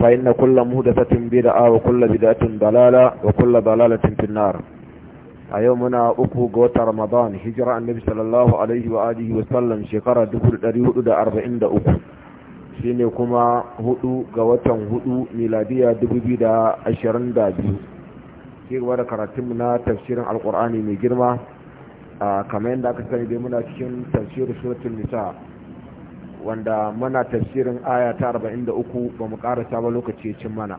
فإن كل مهدثة بدعة وكل بدعة ضلالة وكل ضلالة في النار أيومنا أكو قوت رمضان هجرة النبي صلى الله عليه وآله وسلم شكرا دكر دريه دا أربعين دا أكو shine kuma hudu ga watan hudu miladiya 2022 cewa da karatunmu na tafsirin alkur'ani mai girma kamar yadda aka sani dai muna cikin tafsirin suratun nisa wanda muna tafsirin aya ta 43 ba mu karanta ba lokaci ya cin mana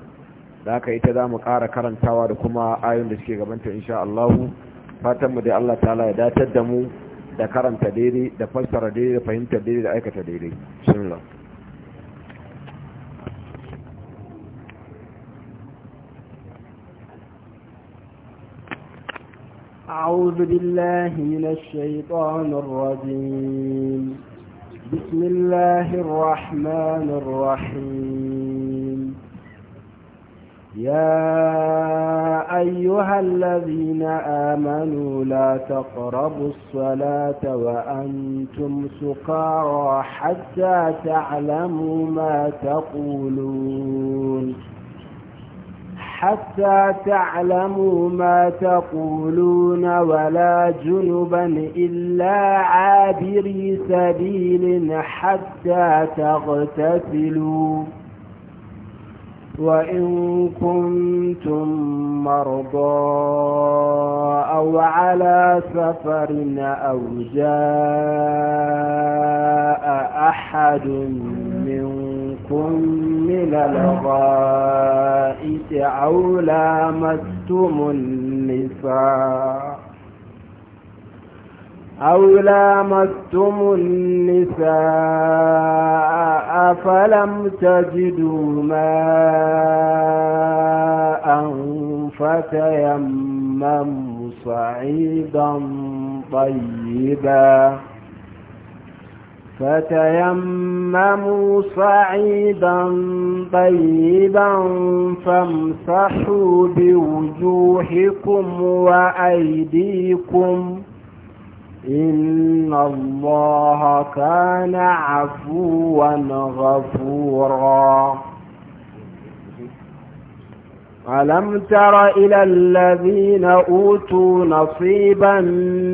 da haka ita za mu kara karantawa da kuma ayon da suke gabanta insha Allah mu da Allah ta'ala ya datar da mu da karanta daidai da fassara daidai da fahimta daidai da aikata daidai bismillah أعوذ بالله من الشيطان الرجيم بسم الله الرحمن الرحيم يا أيها الذين آمنوا لا تقربوا الصلاة وأنتم سكارى حتى تعلموا ما تقولون حتى تعلموا ما تقولون ولا جنبا إلا عابري سبيل حتى تغتسلوا وإن كنتم مرضى أو على سفر أو جاء أحد منكم من الغائب أو لامستم النساء أو لامستم النساء فلم تجدوا ماء فتيمموا صعيدا طيبا فتيمموا صعيدا طيبا فامسحوا بوجوهكم وأيديكم إن الله كان عفوا غفورا ألم تر إلى الذين أوتوا نصيبا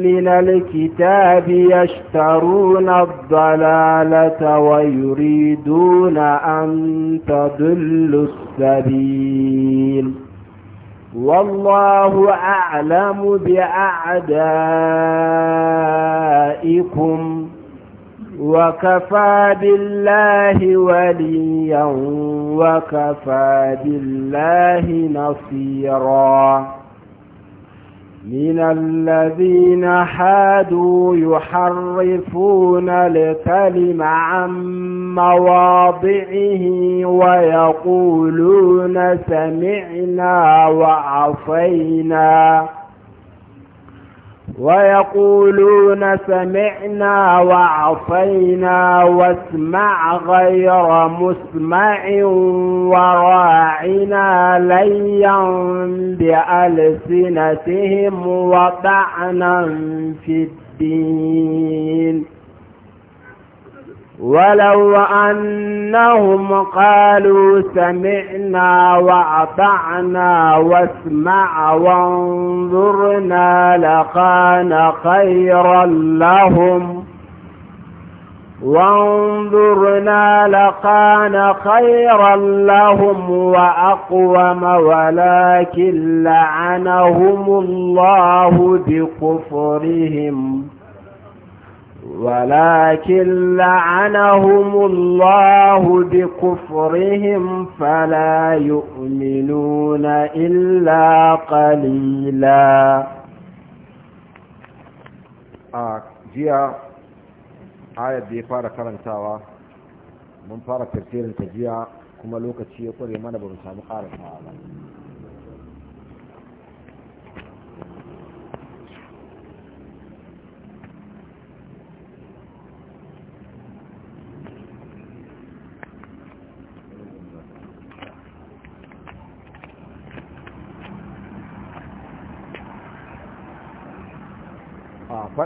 من الكتاب يشترون الضلالة ويريدون أن تضلوا السبيل والله أعلم بأعدائكم وكفى بالله وليا وكفى بالله نصيرا من الذين حادوا يحرفون الكلم عن مواضعه ويقولون سمعنا وعصينا ويقولون سمعنا وعصينا واسمع غير مسمع وراعنا ليا بألسنتهم وطعنا في الدين ولو أنهم قالوا سمعنا وأطعنا واسمع وانظرنا لقان خيرا لهم وانظرنا لقان خيرا لهم وأقوم ولكن لعنهم الله بكفرهم ولكن لعنهم الله بكفرهم فلا يؤمنون إلا قليلا جيا آية دي فارة كرن كرنتاوة من فارة كرتير انت جيا كما لوكا تشيء قرية ما نبغى نسامي قارة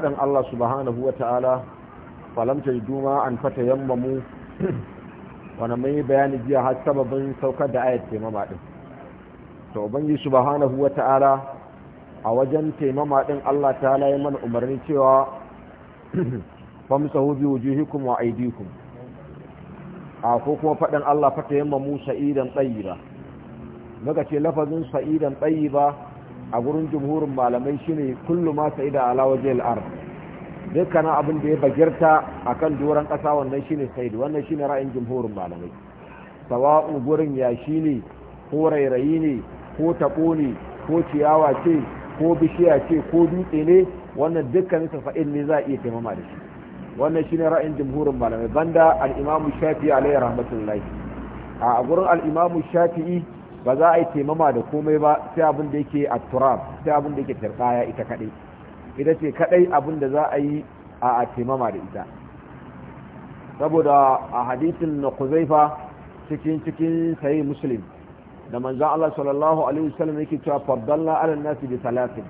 fadan Allah subhanahu wa ta'ala falamta duma an fata yammamu wani mai bayani jiya har sababin saukar da ayat taimama din to ubangi subhanahu wa ta'ala a wajen taimama din Allah ta ya mana umarni cewa famsahu bi wujuhikum wa aydikum a ko kuma fadan Allah fata yammamu sa'idan tayyiba muka ce lafazin sa'idan tayyiba a gurin jumhurin malamai shine kullu ma sa'ida ala wajhil ard dukkanin abin da ya bagirta akan doron ƙasa wannan shine sa'id wannan shine ra'ayin jumhurin malamai sawa'u gurin yashi ne ko rairayi ne ko taɓo ne ko ciyawa ce ko bishiya ce ko dutse ne wannan dukkanin sa'id ne za a iya taimama da shi wannan shine ra'ayin jumhurin malamai banda al-imamu shafi'i alayhi rahmatullahi a gurin al-imamu shafi'i ba za a yi taimama da komai ba sai abin da yake a turab sai abin da yake tarbaya ita kadai ita ce kadai abin da za a yi a taimama da ita saboda a hadisin na kuzaifa cikin cikin sayi muslim da manzan Allah sallallahu alaihi wasallam yake cewa fardalla ala nasi bi salatin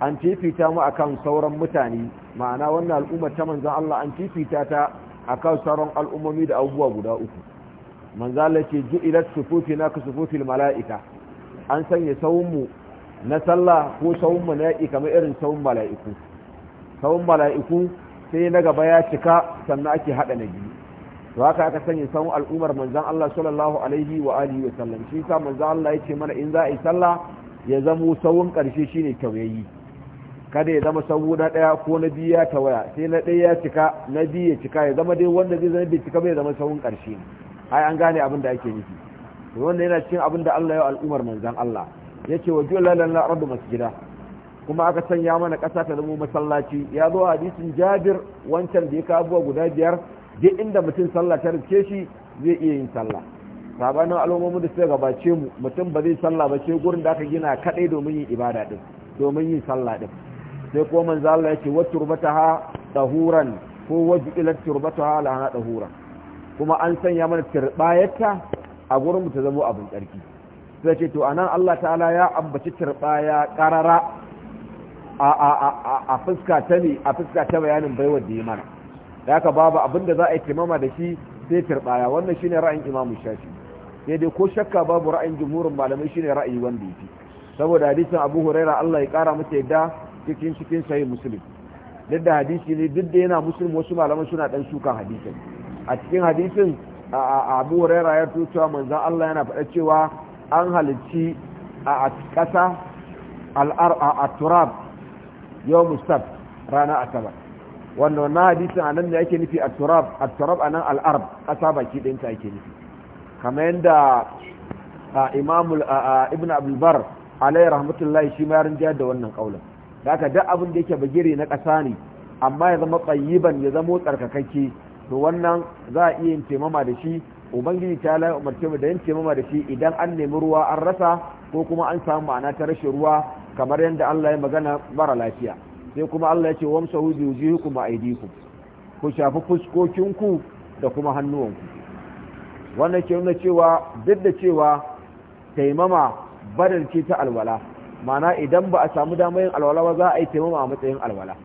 an fifita mu akan sauran mutane ma'ana wannan al'ummar ta manzan Allah an fifita ta akan sauran al'ummomi da abubuwa guda uku manzala ce ju'ilat sufufi na ka sufufil mala'ika an sanya sawunmu na sallah ko sawunmu na yaƙi irin sawun mala'iku sawun mala'iku sai na gaba ya cika sannan ake haɗa na biyu to haka aka sanya sawun al'ummar manzan Allah sallallahu alaihi wa alihi wa sallam shi sa manzan Allah ya ce mana in za a yi sallah ya zamo sawun ƙarshe shine tauyayi kada ya zama sawu na ɗaya ko na biyu ya tawaya sai na ɗaya ya cika na biyu ya cika ya zama dai wanda zai zama bai cika bai zama sawun karshe. ai an gane abin da ake nufi wanda yana cikin abin da Allah ya al'umar manzan Allah ya ce wa lan la masu masjida kuma aka sanya mana kasa ta zama masallaci ya zo hadisin jabir wancan da ya kawo guda biyar duk inda mutum sallah ta rike shi zai iya yin sallah sabanin al'ummomin da suka gabace mu mutum ba zai sallah ba sai gurin da aka gina kaɗai domin yin ibada din domin yin sallah din sai kuma manzo Allah ya wa turbataha tahuran ko waj'ilat turbataha laha tahuran kuma an sanya mana turbayarta a gurin mu ta zama abin tsarki sai ce to anan Allah ta'ala ya ambaci turbaya karara a a a a fuska ta ne a fuska ta bayanin baiwar da ya mana da haka babu abinda za a yi timama da shi sai turbaya wannan shine ra'ayin Imam Shafi sai dai ko shakka babu ra'ayin jumhurin malamai shine ra'ayi wanda yake saboda hadisin Abu Huraira Allah ya kara masa yadda cikin cikin sahih Muslim duk da hadisi ne duk da yana Muslim wasu malaman suna dan shukan hadisin a cikin hadisin abu huraira ya cewa manzan Allah yana faɗa cewa an halicci a ƙasa a turab yau mustab rana asabar wannan wani hadisin a nan da yake nufi a turab a turab a nan al'ar ƙasa baki ɗinta yake nufi kamar yadda imamul ibn abulbar alayhi rahmatullahi shi ma yarin da wannan ƙaunar da aka da abin da yake bagire na ƙasa ne amma ya zama tsayiban ya zama tsarkakakke to wannan za a iya yin taimama da shi ubangiji ta la umarce mu da yin taimama da shi idan an nemi ruwa an rasa ko kuma an samu ma'ana ta rashin ruwa kamar yadda Allah ya magana mara lafiya sai kuma Allah ya ce wamsahu bi wujuhikum wa aydikum ku shafi fuskokinku da kuma hannuwanku wannan ke nuna cewa duk da cewa taimama badal ce ta alwala mana idan ba a samu damar yin alwala ba za a yi taimama a matsayin alwala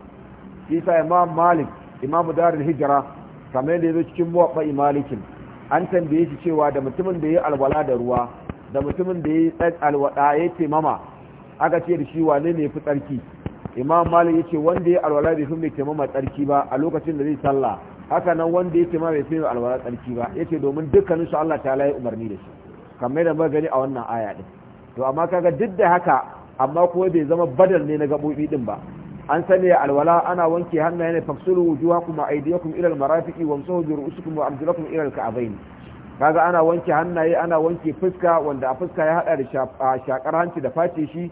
shi sa imam malik imam darul hijra kamar da ya zo cikin muwaɓa malikin an tambaye shi cewa da mutumin da ya yi alwala da ruwa da mutumin da ya yi alwada ya ce mama aka ce da shi wane ne fi tsarki imam malik ya ce wanda ya yi alwala bai fi mai taimama tsarki ba a lokacin da zai sallah haka nan wanda ya taimama bai fi mai alwala tsarki ba ya ce domin dukkanin su allah ta layi umarni da shi kamar da muka gani a wannan aya ɗin to amma kaga duk da haka amma kuma bai zama badal ne na gaɓoɓi ɗin ba an sani alwala ana wanke hannaye ne faksulu wujuhakum wa aydiyakum ila almarafiqi wamsahu bi ru'usikum wa arjulakum ila alka'bayn kaga ana wanke hannaye ana wanke fuska wanda a fuska ya hada da shakar hanci da face shi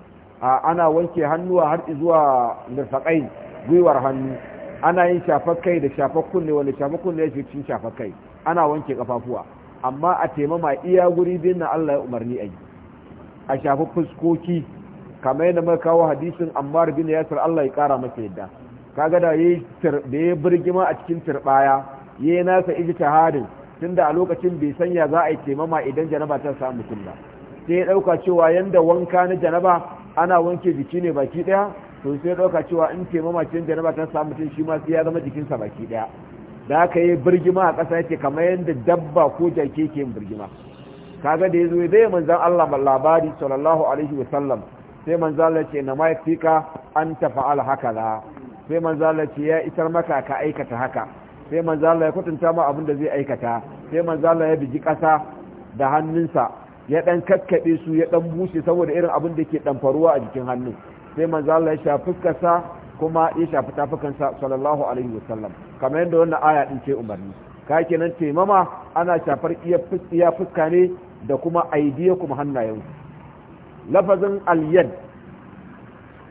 ana wanke hannuwa har zuwa mirfaqain gwiwar hannu ana yin shafar kai da shafar kunne wanda shafar kunne ya cikin shafar kai ana wanke kafafuwa amma a taimama iya guri din na Allah ya umarni a yi a shafi fuskoki kama yadda muka kawo hadisin ammar bin yasir Allah ya kara masa yadda kaga da yayi da ya birgima a cikin turbaya yayi nasa ijtihadin tunda a lokacin bai sanya za a yi taimama idan janaba ta samu mutum ba sai ya dauka cewa yanda wanka na janaba ana wanke jiki ne baki daya to sai ya dauka cewa in taimama cikin janaba ta samu mutum shi ma ya zama jikinsa baki daya da aka yi birgima a ƙasa yake kamar yadda dabba ko jake ke yin birgima kaga da ya zo zai manzan Allah labari sallallahu alaihi wa sallam. sai manzo Allah ce na mai fika an haka hakaza sai manzo Allah ce ya isar maka ka aikata haka sai manzo Allah ya kwatanta ma abin da zai aikata sai manzo Allah ya biji kasa da hannunsa ya dan kakkabe su ya dan bushe saboda irin abin da ke dan faruwa a jikin hannun sai manzo Allah ya shafi fuskarsa kuma ya shafi tafukansa sallallahu alaihi wasallam kamar yadda wannan aya din ce umarni ka kenan taimama ana shafar iya fuska ne da kuma aidiya kuma hannayen lafazin alyad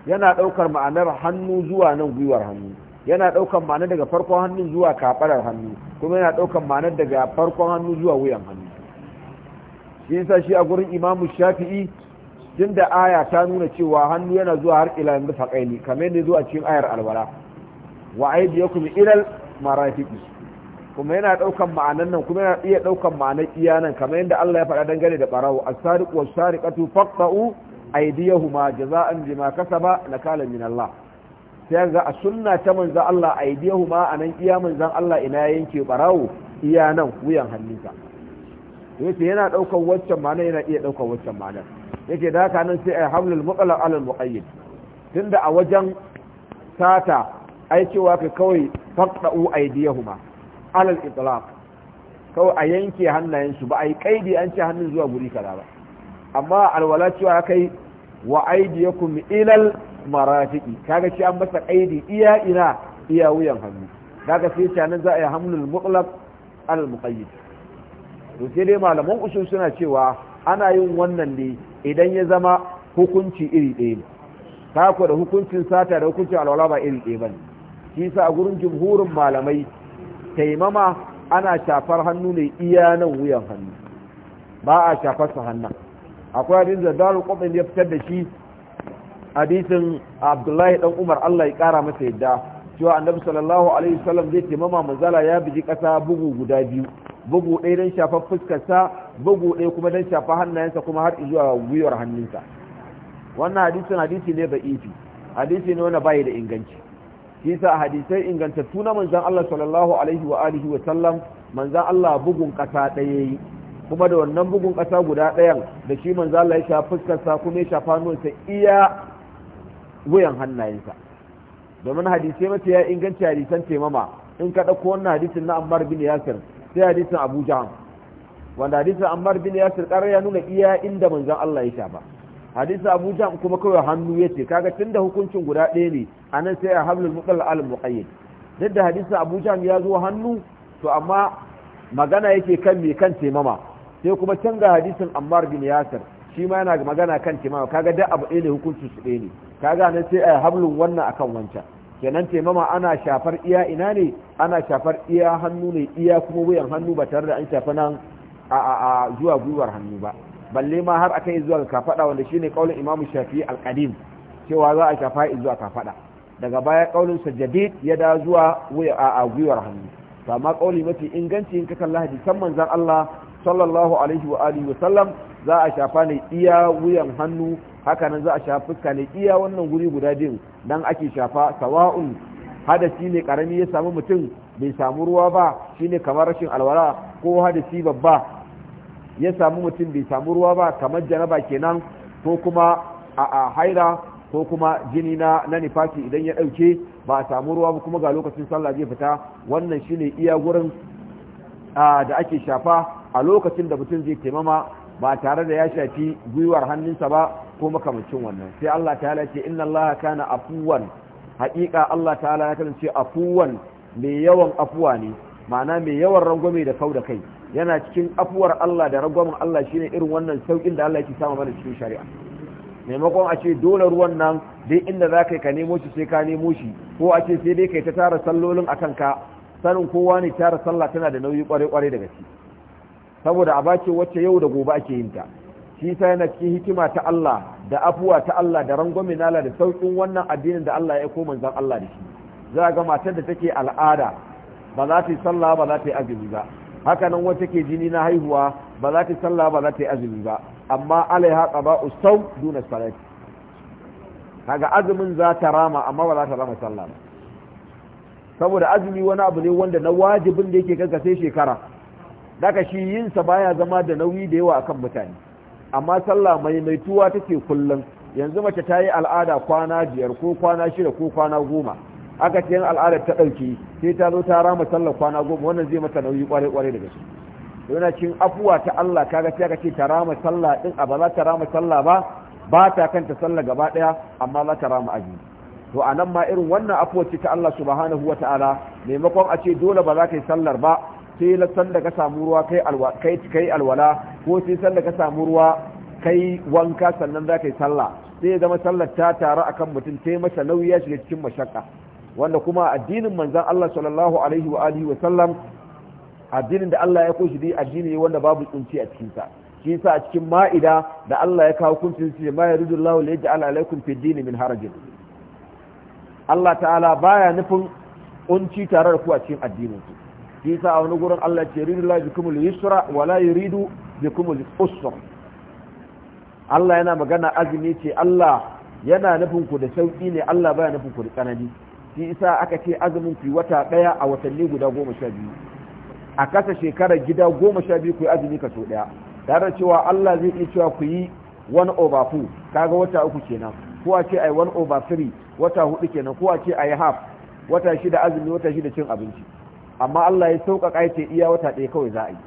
yana ɗaukar ma'anar hannu zuwa nan gwiwar hannu yana ɗaukar ma'anar daga farkon hannu zuwa kafarar hannu kuma yana ɗaukar ma'anar daga farkon hannu zuwa wuyan hannu shi sa shi a gurin imamu shafi'i tun da aya ta nuna cewa hannu yana zuwa har ila yanzu faƙaini kamar yadda zuwa cikin ayar alwara wa aidiyakum ilal marafiqi kuma yana daukan ma'anan nan kuma yana iya daukan ma'anan iya nan kamar yadda Allah ya faɗa dangane da barawo as-sariq wa sariqatu faqta'u aydiyahuma jaza'an bima kasaba nakala min Allah sai ga a sunna ta manzon Allah aydiyahuma anan iya manzon Allah ina yanke barawo iya nan wuyan hannunsa yace yana daukan waccan ma'ana yana iya daukan waccan ma'ana yake da haka nan sai ai hamlul muqallal alal muqayyid tunda a wajen sata ai cewa ka kawai faqta'u aydiyahuma alal itlaq kawai a yanke hannayensu ba a yi kaidi an ce hannun zuwa guri kaza ba amma alwala cewa ya kai wa aidiyakum ilal marafiki kaga ce an masa kaidi iya ina iya wuyan hannu kaga sai ce nan za a yi hamlul mutlaq alal muqayyid to sai dai malaman usul suna cewa ana yin wannan ne idan ya zama hukunci iri ɗaya ne da hukuncin sata da hukuncin alwala ba iri ɗaya ba ne shi sa a gurin jumhurin malamai taimama ana shafar hannu ne iya nan wuyan hannu ba a shafar su hannun akwai abin da daru kwabin ya fitar da shi hadisin abdullahi dan umar allah ya kara masa yadda cewa annabi sallallahu alaihi wasallam zai taimama manzala ya biji kasa bugu guda biyu bugu ɗaya don shafar fuskarsa bugu ɗaya kuma don shafa hannayensa kuma har zuwa gwiwar hannunsa wannan hadisin hadisi ne ba ifi hadisi ne wanda bayi da inganci shi yasa hadisai ingantattu na manzon Allah sallallahu alaihi wa alihi wa sallam manzon Allah bugun kasa daya yi kuma da wannan bugun kasa guda dayan da shi manzon Allah ya shafa fuskarsa kuma ya shafa hannunsa iya wuyan hannayensa domin hadisai mata ya inganta hadisan taimama in ka dauko wannan hadisin na Ammar bin Yasir sai hadisin Abu Jahm wanda hadisin Ammar bin Yasir ƙarar ya nuna iya inda manzon Allah ya shafa hadisi abu jan kuma kawai hannu ya ce kaga tun da hukuncin guda ɗaya ne a nan sai a hablul muqal al muqayyid duk da hadisi abu jan ya zo hannu to amma magana yake kan me kan temama sai kuma can ga hadisin ammar bin yasir shi ma yana magana kan temama kaga duk abu ɗaya ne hukuncin su ɗaya ne kaga nan sai a hablul wannan akan wancan kenan taimama ana shafar iya ina ne ana shafar iya hannu ne iya kuma wuyan hannu ba tare da an shafa nan a zuwa gwiwar hannu ba balle ma har akan zuwa ga kafada wanda shine kaulin imamu shafi al cewa za a shafa zuwa kafada daga baya kaulin sa jadid ya da zuwa wuya a gwiwar hannu to amma kauli mafi inganci in ka kalla hadisan manzon Allah sallallahu alaihi wa alihi wa sallam za a shafa ne iya wuyan hannu haka nan za a shafa fuska ne iya wannan guri guda biyu dan ake shafa sawa'un hadasi ne karami ya samu mutum bai samu ruwa ba shine kamar rashin alwala ko hadasi babba ya samu mutum bai samu ruwa ba kamar janaba kenan ko kuma a haira ko kuma jini na na nifasi idan ya dauke ba a samu ruwa ba kuma ga lokacin sallah zai fita wannan shine iya gurin da ake shafa a lokacin da mutum zai taimama ba tare da ya shafi gwiwar hannunsa ba ko makamancin wannan sai Allah ta'ala ce inna Allah kana afuwan haƙiƙa Allah ta'ala ya kasance afuwan mai yawan afuwa ne ma'ana mai yawan rangwame da kau da kai yana cikin afuwar Allah da ragwamin Allah shi ne irin wannan saukin da Allah ya yake samu mana cikin shari'a maimakon a ce dole ruwan nan dai inda za ka ka nemo shi sai ka nemo shi ko a ce sai dai ka yi ta tara sallolin akan ka sanin kowa ne tara sallah tana da nauyi kwarai kwarai daga ci. saboda a bace wacce yau da gobe ake yin ta shi sa yana cikin hikima ta Allah da afuwa ta Allah da rangwame allah da saukin wannan addinin da Allah ya aiko zan Allah da shi za ga matar da take al'ada ba za ta yi sallah ba za ta yi azumi ba haka nan wata ke jini na haihuwa ba za ta sallah ba za ta yi azumi ba amma haka ba usau duna salati kaga azumin za ta rama amma ba za ta rama sallah ba saboda azumi wani abu ne wanda na wajibin da yake kanka shekara daga shi yin sa baya zama da nauyi da yawa akan mutane amma sallah mai mai tuwa take kullum yanzu mace ta yi al'ada kwana biyar ko kwana shida ko kwana goma aka ce al'adar ta ɗauki sai ta zo ta rama sallar kwana goma wannan zai mata nauyi kware-kware daga su yana cin afuwa ta Allah kaga sai ce ta rama sallah din a ba za ta rama sallah ba ba ta kanta sallah gaba ɗaya, amma za ta rama aji to a nan ma irin wannan afuwa ce ta Allah subhanahu wataala maimakon a ce dole ba za ka yi sallar ba sai la san ka samu ruwa kai alwa kai kai alwala ko sai san ka samu ruwa kai wanka sannan za ka yi sallah sai ya zama sallar ta tare akan mutum sai masa nauyi ya shiga cikin mashakka wanda kuma addinin manzan Allah sallallahu alaihi wa alihi wa addinin da Allah ya koshi dai addini ne wanda babu tsunci a cikin shi yasa a cikin ma'ida da Allah ya kawo kuncin shi ma yuridullahu li yaj'al alaikum fid din min harajin Allah ta'ala baya nufin kunci tare da ku a cikin addinin ku shi yasa a wani gurin Allah ya ce yuridullahu bikum al-yusra wa la yuridu bikum al-usra Allah yana magana azumi ce Allah yana nufin ku da sauki ne Allah baya nufin ku da tsanani shi isa aka ce azumin ku wata daya a watanni guda goma sha biyu a kasa shekarar gida goma sha biyu ku yi azumi kaso daya tare da cewa Allah zai iya cewa ku yi one over two, kaga wata uku kenan ko a ce ai one over three wata hudu kenan ko a ce ai half wata shida azumi wata shida cin abinci amma Allah ya sauƙaƙa ya ce iya wata ɗaya kawai za a yi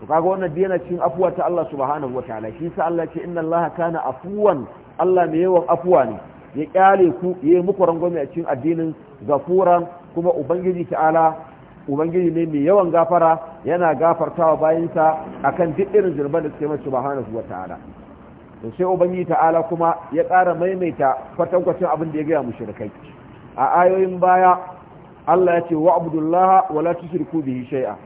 to kaga wannan biyu yana cikin afuwa ta Allah subhanahu wataala shi sa Allah ce inna Allah kana afuwan Allah mai yawan afuwa ne ya kyale ku ya yi muku rangwame a cikin addinin gafuran kuma ubangiji ta'ala ubangiji ne mai yawan gafara yana gafartawa bayansa akan duk irin zurban da suke mace subhanahu wata'ala to sai ubangiji ta'ala kuma ya kara maimaita kwatankwacin abin da ya gaya mushrikai a ayoyin baya Allah ya ce wa abdullaha wa la tushriku bihi shay'a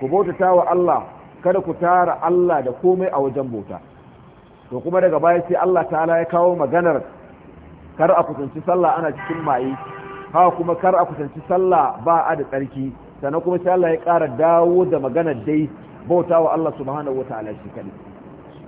ku bautata wa Allah kada ku tara Allah da komai a wajen bauta to kuma daga baya sai Allah ta'ala ya kawo maganar kar a kusanci sallah ana cikin maye ha kuma kar a kusanci sallah ba a da tsarki sannan kuma sai Allah ya ƙara dawo da maganar dai bauta wa Allah subhanahu wa ta'ala shi kadai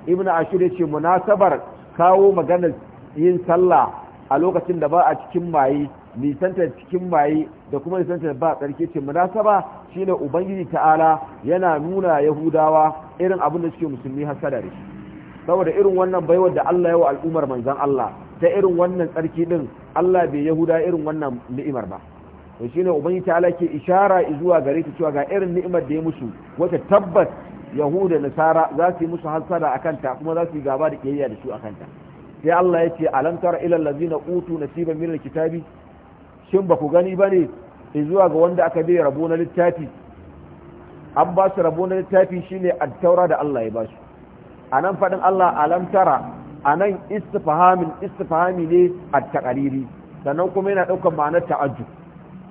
ibnu ashur ya ce munasabar kawo maganar yin sallah a lokacin da ba a cikin maye nisanta cikin maye da kuma nisanta ba tsarki ce munasaba shine ubangiji ta'ala yana nuna yahudawa irin abin da suke musulmi har da shi saboda irin wannan baiwar da Allah ya wa al'ummar manzon Allah ta irin wannan tsarki din Allah bai yahuda irin wannan ni'imar ba to shine ta Allah ke ishara zuwa gare ta cewa ga irin ni'imar da ya musu wata tabbas yahuda nasara za su musu hasada akan ta kuma za su yi gaba da kiyayya da su akan ta sai Allah ya ce alam tara ila allazina utu nasiban min alkitabi shin ba ku gani bane zuwa ga wanda aka bai rabo na littafi an ba su rabo na littafi shine at-taura da Allah ya ba su anan fadin Allah alam tara a nan istifahamin istifahami ne a takariri sannan kuma yana ɗaukar ma'ana ta'ajju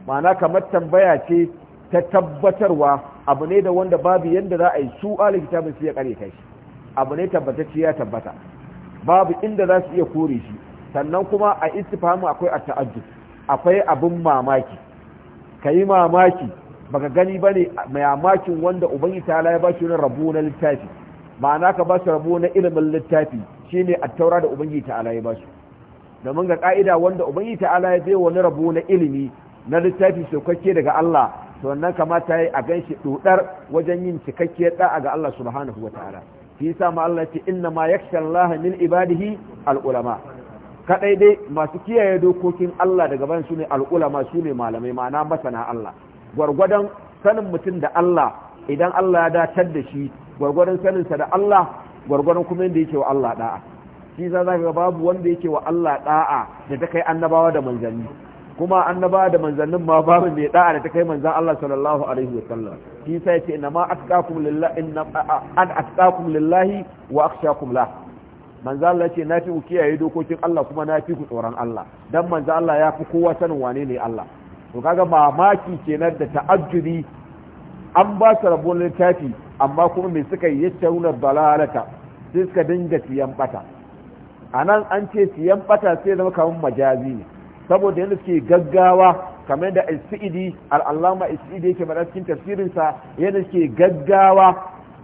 ma'ana kamar tambaya ce ta tabbatarwa abu ne da wanda babu yadda za a yi su ala kitabin su ya ƙare kai shi abu ne tabbatacce ya tabbata babu inda za su iya kore shi sannan kuma a istifahamin akwai a ta'ajju akwai abin mamaki ka yi mamaki baka gani ba ne mai mamakin wanda ubangi ta ya ba shi wani rabu na littafi ma'ana ka ba shi rabu na ilimin littafi Shi ne a taura da ta ta'ala ya su. domin ga ka'ida wanda ubangi ta'ala ya zai wani rabu na ilimi na littafi saukakke daga Allah to wannan kamata yi a ganshi dudar wajen yin cikakkiyar da'a ga Allah subhanahu ta'ala fi sa ma Allah ce inna ma yakhsha Allah min ibadihi al-ulama dai masu kiyaye dokokin Allah daga ban su ne al su ne malamai ma'ana masana Allah gwargwadon sanin mutum da Allah idan Allah ya datar da shi gwargwadon saninsa da Allah gwargwaron kuma yadda yake wa Allah da'a shi za za ga babu wanda yake wa Allah da'a da ta kai annabawa da manzanni kuma annabawa da manzannin ma babu mai da'a da ta kai manzan Allah sallallahu alaihi wasallam shi sai ce inna ma atqakum lillahi an atqakum lillahi wa akhshakum la Manzan Allah ce na fi ku kiyaye dokokin Allah kuma na fi ku tsoron Allah dan manzan Allah ya fi kowa sanin wane ne Allah to kaga mamaki kenan da ta'ajjubi an ba su rabon littafi amma kuma mai suka yi yaccaruna balalata sai suka dinga siyan bata a nan an ce siyan bata sai zama kamar majazi ne saboda yadda suke gaggawa kamar da isidi al'allama isidi yake mara cikin tafsirinsa yadda suke gaggawa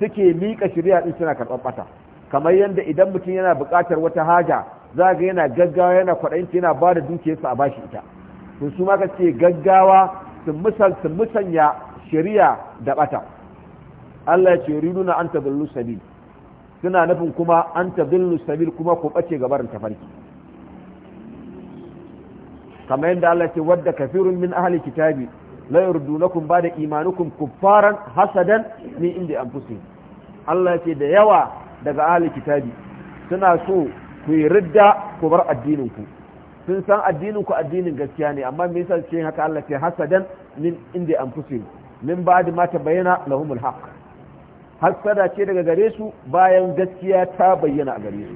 suke miƙa shirya din suna karɓar bata kamar yadda idan mutum yana buƙatar wata haja za ga yana gaggawa yana kwaɗayinta yana ba da dukiyarsa a bashi ita to su ma ka ce gaggawa su musanya shirya da bata Allah ya ce riduna an tadillu sabil suna nufin kuma an tadillu sabil kuma ku bace gabarin tafarki kamar yadda Allah ya ce wadda kafirun min ahli kitabi la yurdunakum ba'da imanikum kuffaran hasadan min indi anfusihim Allah ya ce da yawa daga ahli kitabi suna so ku yi ridda ku bar addinin ku sun san addinin ku addinin gaskiya ne amma me yasa ce haka Allah ce hasadan min inda anfusihim min ba'd ma tabayyana lahumul haqq hassada ce daga gare su bayan gaskiya ta bayyana a gare su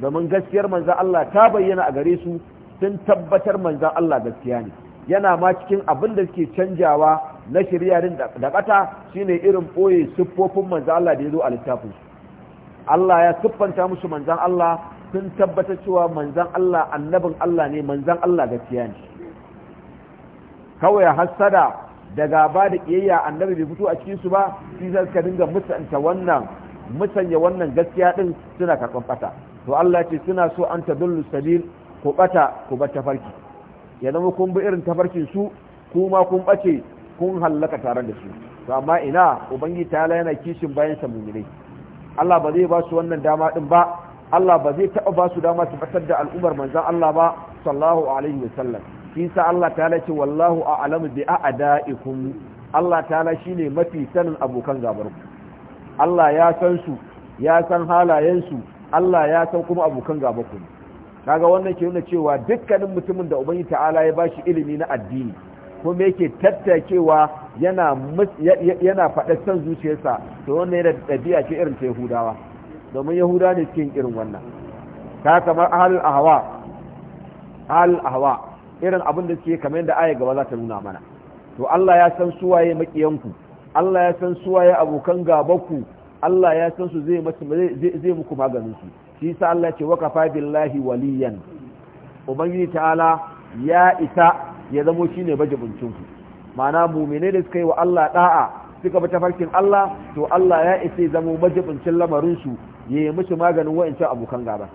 domin gaskiyar manzan Allah ta bayyana a gare su sun tabbatar manza Allah gaskiya ne yana ma cikin abin da suke canjawa na shirya din da kata shine irin boye siffofin manzan Allah da ya zo a littafin su Allah ya siffanta musu manzan Allah sun tabbatar cewa manzan Allah annabin Allah ne manzan Allah gaskiya ne kawai hassada daga gaba da kiyayya annabi bai fito a cikin su ba sai zai ka dinga musanta wannan musanya wannan gaskiya din suna karban fata to Allah ce suna so an ta dullu sabil ku bata ku bar tafarki ya zama kun bi irin tafarkin su kuma kun bace kun hallaka tare da su to amma ina ubangiji ta yana kishin bayan sa mu'minai Allah ba zai ba su wannan dama din ba Allah ba zai taɓa ba su dama su fitar da al'ummar manzon Allah ba sallahu alaihi wasallam shi sa Allah ta ce wallahu a'lamu bi a'da'ikum Allah ta shi ne mafi sanin abokan gabarku ku Allah ya san su ya san halayen su Allah ya san kuma abokan gabarku kaga wannan ke nuna cewa dukkanin mutumin da ubangi ta'ala ya ba shi ilimi na addini kuma yake tattakewa yana yana fada san zuciyarsa to wannan yana dabi'a ce irin ta Yahudawa domin Yahudawa ne cikin irin wannan ta kamar ahlul ahwa ahlul ahwa irin abin da suke kamar yadda aya gaba za ta nuna mana to Allah ya san suwaye makiyanku Allah ya san suwaye abokan gabanku Allah ya san su zai zai muku maganin su shi sa Allah ce waqafa billahi waliyan ubangiji ta'ala ya isa ya zamo shine bajibuncin ku ma'ana mu'mine da suka yi wa Allah da'a suka bi tafarkin Allah to Allah ya isa ya zamo majibincin lamarin su ya musu maganin wa'ancan abokan gaba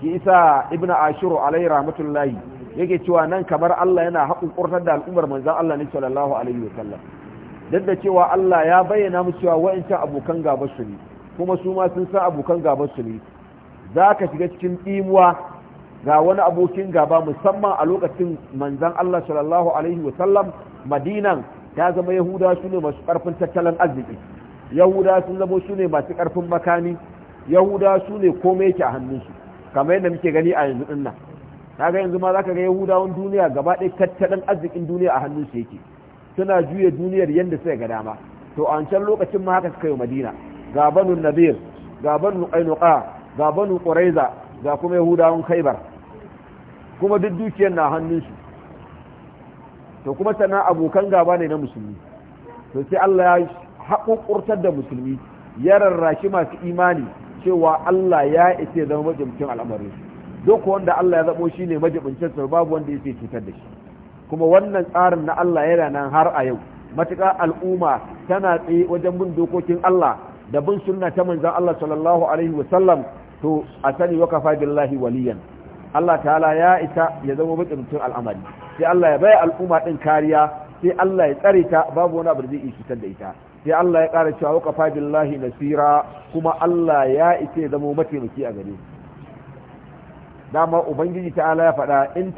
shi isa ibnu ashuru alaihi rahmatullahi yake cewa nan kamar Allah yana ƙurtar da al'ummar manzan Allah ne sallallahu alaihi wa sallam duk da cewa Allah ya bayyana mu cewa wa'ancan abokan gaba su ne kuma su ma sun san abokan gaba su ne za shiga cikin ɗimuwa ga wani abokin gaba musamman a lokacin manzan Allah sallallahu alaihi wa sallam madinan ta zama yahuda su ne masu ƙarfin tattalin arziki yahuda sun zama su ne masu ƙarfin makani yahuda su ne komai yake a hannunsu kamar yadda muke gani a yanzu dinnan. kaga yanzu ma zaka ga yahudawan duniya gaba ɗaya tattalin arzikin duniya a hannun su yake suna juya duniyar yadda suka ga dama to a wancan lokacin ma haka suka yi madina ga banu nabir ga banu qainuqa ga banu quraiza ga kuma yahudawan khaybar kuma duk dukiyar na hannun su to kuma sannan abokan gaba ne na musulmi to sai Allah ya haƙuƙurtar da musulmi ya rarrashi masu imani cewa Allah ya isa zama majamcin al'amarin su duk wanda Allah ya zabo shine majibincin sa babu wanda yake cutar da shi kuma wannan tsarin na Allah yana nan har a yau matuƙa al'umma tana tsaye wajen bin dokokin Allah da bin sunna ta manzon Allah sallallahu alaihi wasallam to a sani wa kafa billahi waliyan Allah ta'ala ya isa ya zama mutum al'amari sai Allah ya bai al'umma din kariya sai Allah ya tsare ta babu wani abu da zai iya cutar da ita sai Allah ya ƙara cewa wa kafa billahi nasira kuma Allah ya isa ya zama mataimaki a gare dama ubangiji ta'ala ya faɗa in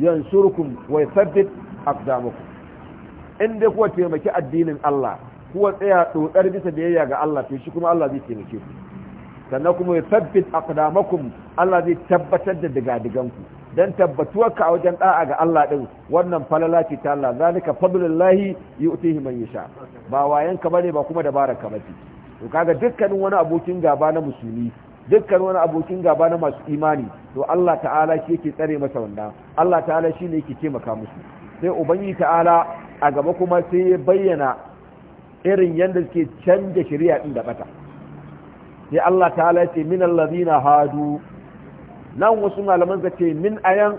yan surukun wa yuthabbit aqdamakum in dai kuwa taimaki addinin Allah kuwa tsaya tsotsar bisa biyayya ga Allah to shi kuma Allah zai taimake ku sannan kuma ya sabbit aqdamakum Allah zai tabbatar da digadigan ku dan ka a wajen da'a ga Allah din wannan falala ce ta Allah zalika fadlullahi yu'tihi man yasha ba wayanka bane ba kuma ka bace to kaga dukkanin wani abokin gaba na musulmi dukkan wani abokin gaba na masu imani to Allah ta'ala shi yake tsare masa wannan Allah ta'ala shi ne yake taimaka musu sai ubangiji ta'ala a gaba kuma sai ya bayyana irin yadda suke canja shari'a din da bata sai Allah ta'ala ce min allazina hadu nan wasu malaman ka ce min ayan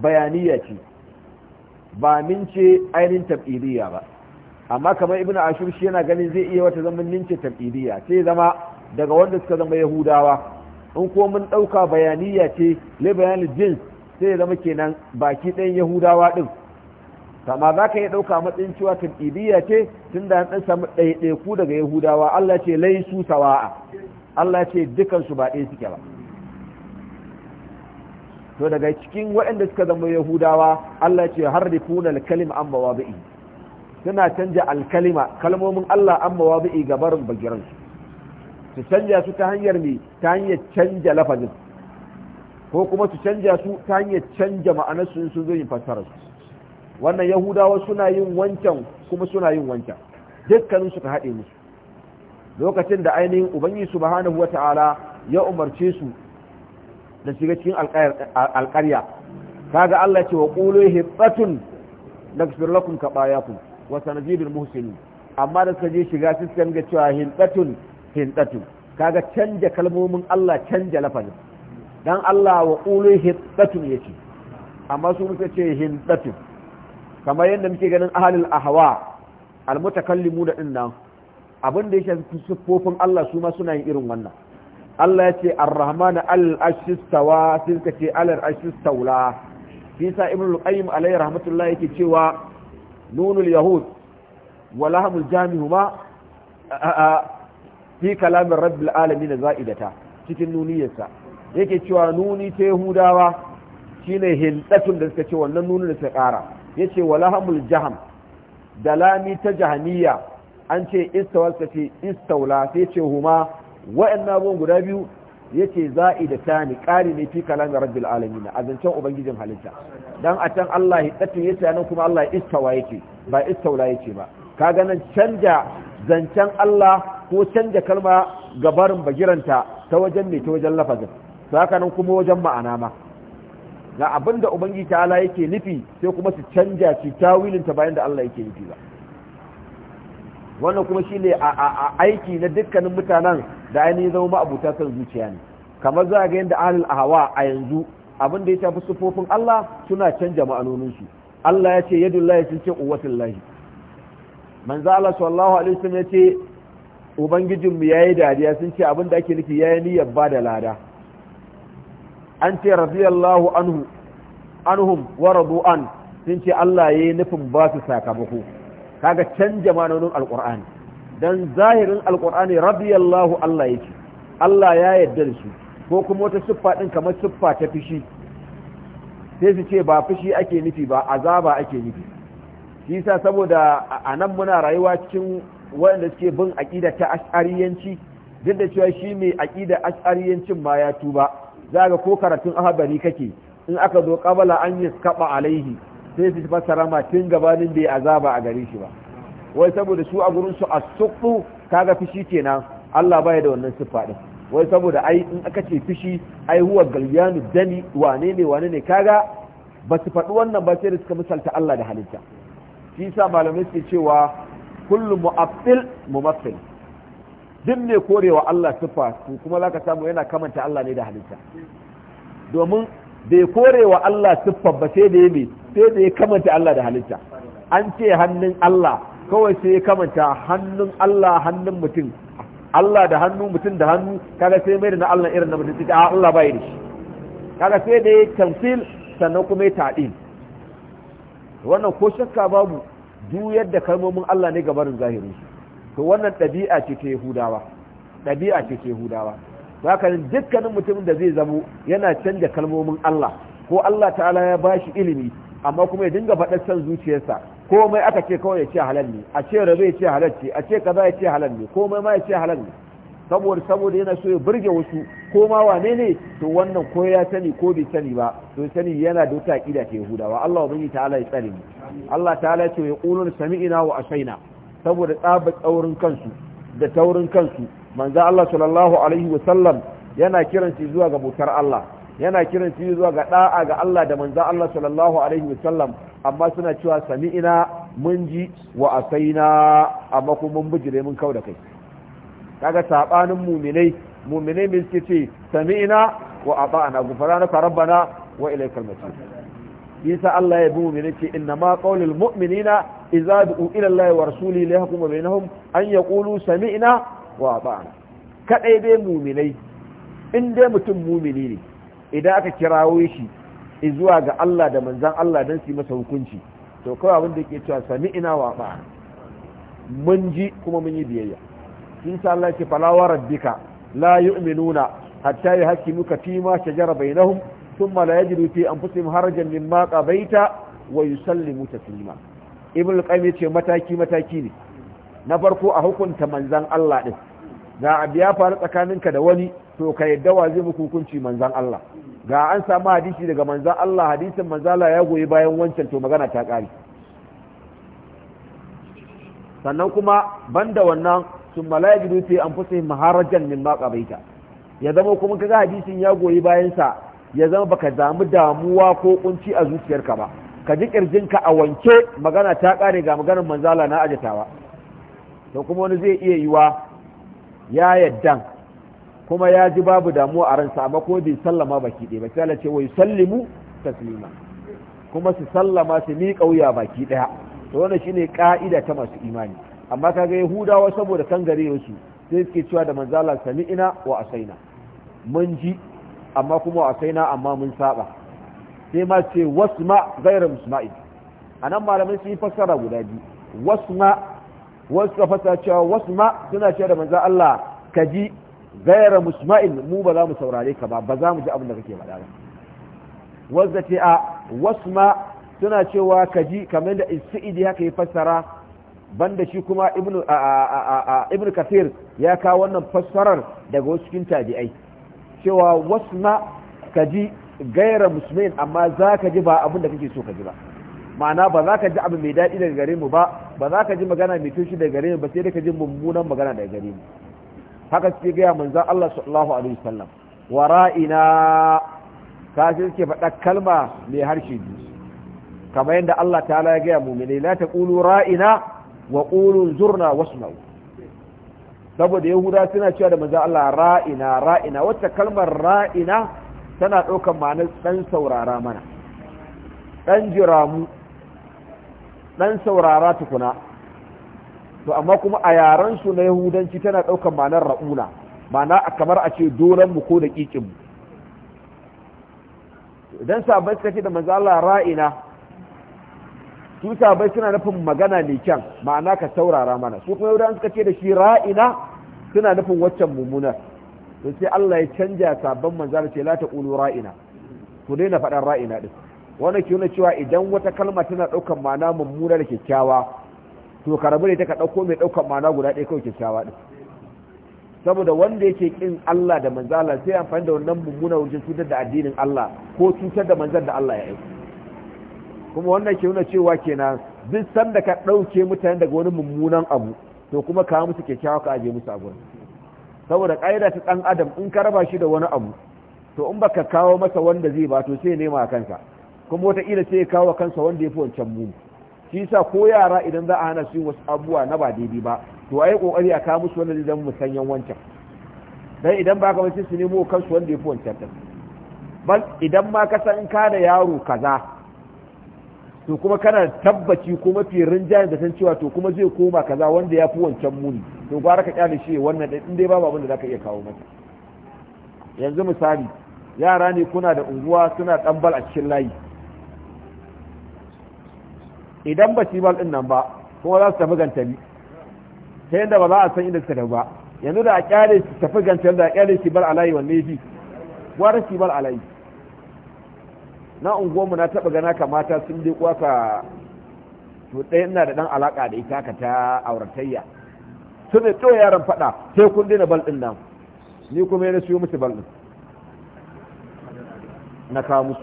bayaniya ce ba min ce ainihin tabidiyya ba amma kamar ibnu ashur shi yana ganin zai iya wata zaman mince tabidiyya sai zama daga wanda suka zama yahudawa in ko mun ɗauka bayaniya ce le bayanin jins sai ya zama kenan baki ɗayan yahudawa ɗin kama za ka yi ɗauka matsayin cewa tabidiyya ce tun da ɗan samu ɗaiɗaiku daga yahudawa allah ce lai su sawa'a allah ce dukansu ba ɗaya suke ba to daga cikin waɗanda suka zama yahudawa allah ce har da kuna alkalim an bawa suna canja alkalima kalmomin allah an bawa ba'i gabarin bagiransu su canja su ta hanyar ne ta hanyar canja lafazin ko kuma su canja su ta hanyar canja ma'anarsu in sun zo yin fassarar su wannan yahudawa suna yin wancan kuma suna yin wancan dukkanin su ka haɗe musu lokacin da ainihin ubangiji subhanahu wata'ala ya umarce su da shiga cikin alƙarya kaga Allah ce wa qulu hibatun naghfir lakum kabayakum wa sanajidul muhsinin amma da suka je shiga sun ga cewa hibatun hintatu kaga canja kalmomin Allah canja lafazin dan Allah wa qulu hintatu yake amma su muka ce hintatu kamar yadda muke ganin ahlul ahwa almutakallimu da din nan abin da ya shafi siffofin Allah su ma suna yin irin wannan Allah ya ce ar-rahman al-ashistawa sai ka ce al-ashistawla fi sa ibn qayyim alayhi rahmatullah yake cewa nunul yahud wa lahamul jamihuma fi kalamin rabbil alamin za'idata cikin nuniyarsa yake cewa nuni ta yahudawa shine hildatun da suka ce wannan nunin da suka kara yace lahamul jaham da lami ta jahaniya an ce istawal ta ce istawla sai ce huma wa'annan abubuwan guda biyu yace za'idata ne kari ne fi kalamin rabbil alamin a zancen ubangijin halitta dan a can Allah hildatun yace nan kuma Allah istawa yake ba istawla yake ba kaga nan canja zancen Allah ko canja kalma gabarin bagiranta ta wajen ne ta wajen lafazin sakanin kuma wajen ma'ana ma na abin da ubangiji ta'ala yake nufi sai kuma su canja su tawilin ta bayan da Allah yake nufi ba wannan kuma shi ne a aiki na dukkanin mutanen da ainihin zama ma'abuta kan zuciya ne kamar za a ga yadda a Hawa a yanzu abin da ya tafi sufofin Allah suna canja ma'anoninsu Allah ya ce yadullahi sun ce lahi. manzo Allah sallallahu alaihi wasallam yace ubangijin mu yayi dariya sun ce abin da ake nufi yayi niyyar ba da lada an ce radiyallahu anhu anhum wa radu an sun ce Allah yayi nufin ba su sakamako kaga canja manonin alqur'ani dan zahirin alqur'ani radiyallahu Allah yake Allah ya yarda da su ko kuma wata siffa din kamar siffa ta fishi sai su ce ba fishi ake nufi ba azaba ake nufi shi sa saboda a nan muna rayuwa cikin waɗanda suke bin aƙida ta ash'ariyanci duk da cewa shi mai aƙida ash'ariyancin ma ya tuba za ga ko karatun ahabari kake in aka zo kabala an yi kaba alaihi sai su fassara ma tun gabanin bai azaba a gare shi ba wai saboda su a gurin su a suqu kaga fishi kenan Allah baya da wannan siffa din wai saboda ai in aka ce fishi ai huwa galyanu dani wane ne wane ne kaga ba su faɗi wannan ba sai da suka misalta Allah da halitta shi sa malamai suke cewa kullum mu'attil mumathil duk ne korewa Allah sifa kuma za ka samu yana kamanta Allah ne da halitta domin bai korewa Allah sufa ba sai da ya mai sai da ya kamanta Allah da halitta an ce hannun Allah kawai sai ya kamanta hannun Allah hannun mutum Allah da hannu mutum da hannu kaga sai mai da na Allah irin na mutum sai Allah bai da shi kaga sai da ya tamfil sannan kuma ya ta'dil wannan ko shakka babu duk yadda kalmomin Allah ne barin zahirin shi to wannan ɗabi'a ce ta Yahudawa ɗabi'a ce ta Yahudawa haka dukkanin mutumin da zai zamo yana canja kalmomin Allah ko Allah ta'ala ya bashi ilimi amma kuma ya dinga faɗar san zuciyarsa komai aka ce kawai ya ce halal ne a ce rabe ya ce halal ce a ce kaza ya ce halal ne komai ma ya ce halal ne saboda saboda yana so ya burge wasu ko ma wane ne to wannan ko ya sani ko bai sani ba to sani yana da wata kida ta yahudawa Allah ubangi ta'ala ya tsare mu Allah ta'ala ce ya qulun sami'ina wa asaina saboda tsaba taurin kansu da taurin kansu manzo Allah sallallahu alaihi wa sallam yana kiran shi zuwa ga butar Allah yana kiran shi zuwa ga da'a ga Allah da manzo Allah sallallahu alaihi wa sallam amma suna cewa sami'ina mun ji wa asaina amma kuma mun bijire mun kau da kai kaga sabanin muminai muminai min suke ce samiina wa ata'na ghufranaka rabbana wa ilaykal masir yasa Allah ya bi muminai ce inna ma qawlul mu'minina idza du'u ila Allah wa rasuli la yahkumu bainahum an yaqulu sami'na wa ata'na kadai dai muminai in dai mutum mumini ne idan aka kirawo shi zuwa ga Allah da manzan Allah dan su masa hukunci to kawai abin da ke cewa sami'ina wa ba mun ji kuma mun yi biyayya shi sa Allah yake fala wa rabbika la yu'minuna hatta yahkimuka fi ma shajara bainahum thumma la yajidu fi anfusihim harajan mimma qabaita wa yusallimu taslima ibn al-qayyim ce mataki mataki ne na farko a hukunta manzan Allah din ga abu ya faru tsakaninka da wani to ka yadda wa zai muku hukunci manzan Allah ga an samu hadisi daga manzan Allah hadisin manzan ya goyi bayan wancan to magana ta kare sannan kuma banda wannan sun sai an fi an fusa maharajan min ma ya zama kuma kaga hadisin ya goyi bayan sa ya zama baka damu damuwa ko kunci a zuciyarka ba ka ji ƙirjinka a wanke magana ta ƙare ga maganar manzala na ajatawa to kuma wani zai iya yiwa ya yaddan kuma ya ji babu damuwa a ransa amma ko bai sallama baki ɗaya ba sai Allah ce wai sallimu taslima kuma su sallama su miƙa wuya baki ɗaya to wannan shine ka'ida ta masu imani amma kaga yahudawa saboda su sai suke cewa da manzala sami'ina wa asaina mun ji amma kuma wa asaina amma mun saba sai ma ce wasma gaira a nan malamai sun yi fassara guda biyu wasma wasu ka fasa cewa wasma suna cewa da manzo Allah ka ji gairar musma'il mu ba za mu saurare ka ba ba za mu ji abin da kake faɗa ba da ce a wasma suna cewa ka ji kamar da isidi haka yi fassara banda shi kuma ibnu ibnu ya kawo wannan fassarar daga wasu cikin tabi'ai cewa wasna kaji gaira musulmin amma za ka ji ba abin da kake so ka ji ba ma'ana ba za ka ji abu mai daɗi daga gare mu ba ba za ka ji magana mai tushe daga gare mu ba sai dai ka ji mummunan magana daga gare mu haka suke gaya manzo Allah sallallahu alaihi wasallam ka ji suke faɗa kalma mai harshe biyu kamar yadda Allah ta'ala ya gaya mu'mini la taqulu ra'ina wa qulu zurna wasma'u saboda yahuda suna cewa da manzo Allah ra'ina ra'ina wata kalmar ra'ina tana ɗaukar ma'anar dan saurara mana dan jira mu dan saurara tukuna to amma kuma a yaran su na yahudanci tana ɗaukar ma'anar ra'una ma'ana kamar a ce dolan mu ko da kikin mu idan sabon da manzo Allah ra'ina su sabai suna nufin magana mai kyan ma'ana ka saurara mana su kuma yahudawan suka ce da shi ra'ina suna nufin waccan mummunar to sai Allah ya canja sabon manzara ce la ulu ra'ina to dai na faɗan ra'ina din wanda ke nuna cewa idan wata kalma tana ɗaukar ma'ana mummuna da kyakkyawa to karabu ne ta ka ɗauko mai ɗaukar ma'ana guda ɗaya kawai kyakkyawa ɗin saboda wanda yake kin Allah da manzala sai amfani da wannan mummuna wajen cutar da addinin Allah ko cutar da manzan da Allah ya aika kuma wannan ke nuna cewa kenan duk sanda ka ɗauke mutane daga wani mummunan abu to kuma ka musu kyakkyawa ka aje musu abu saboda ƙa'ida ta ɗan adam in ka raba shi da wani abu to in baka kawo masa wanda zai ba to sai nema a kansa kuma ila sai ya kawo kansa wanda ya fi wancan mu shi sa ko yara idan za a hana su wasu abubuwa na ba daidai ba to a yi ƙoƙari a kawo musu wanda zai zama musanyen wancan dan idan ba ka wasu su nemo kansu wanda ya fi wancan ɗin bal idan ma ka san ka da yaro kaza to kuma kana tabbaci ko mafi rinjayen da san cewa to kuma zai koma kaza wanda ya fi wancan muni to gwara ka kyale shi wannan da in dai babu abin da zaka iya kawo masa yanzu misali yara ne kuna da unguwa suna ɗanbal a cikin layi idan ba bal ɗin nan ba kuma za su tafi gantali ta yadda ba za a san inda suka tafi ba yanzu da a kyale su tafi gantali da a kyale su bal a layi wanne fi gwara su bal a layi na unguwanmu na taɓa gana ka mata sun dai kuwa ka to ɗaya ina da ɗan alaƙa da ita ka ta auratayya su ne to yaran faɗa sai kun daina bal ɗin nan ni kuma yana siyo musu bal ɗin na kawo musu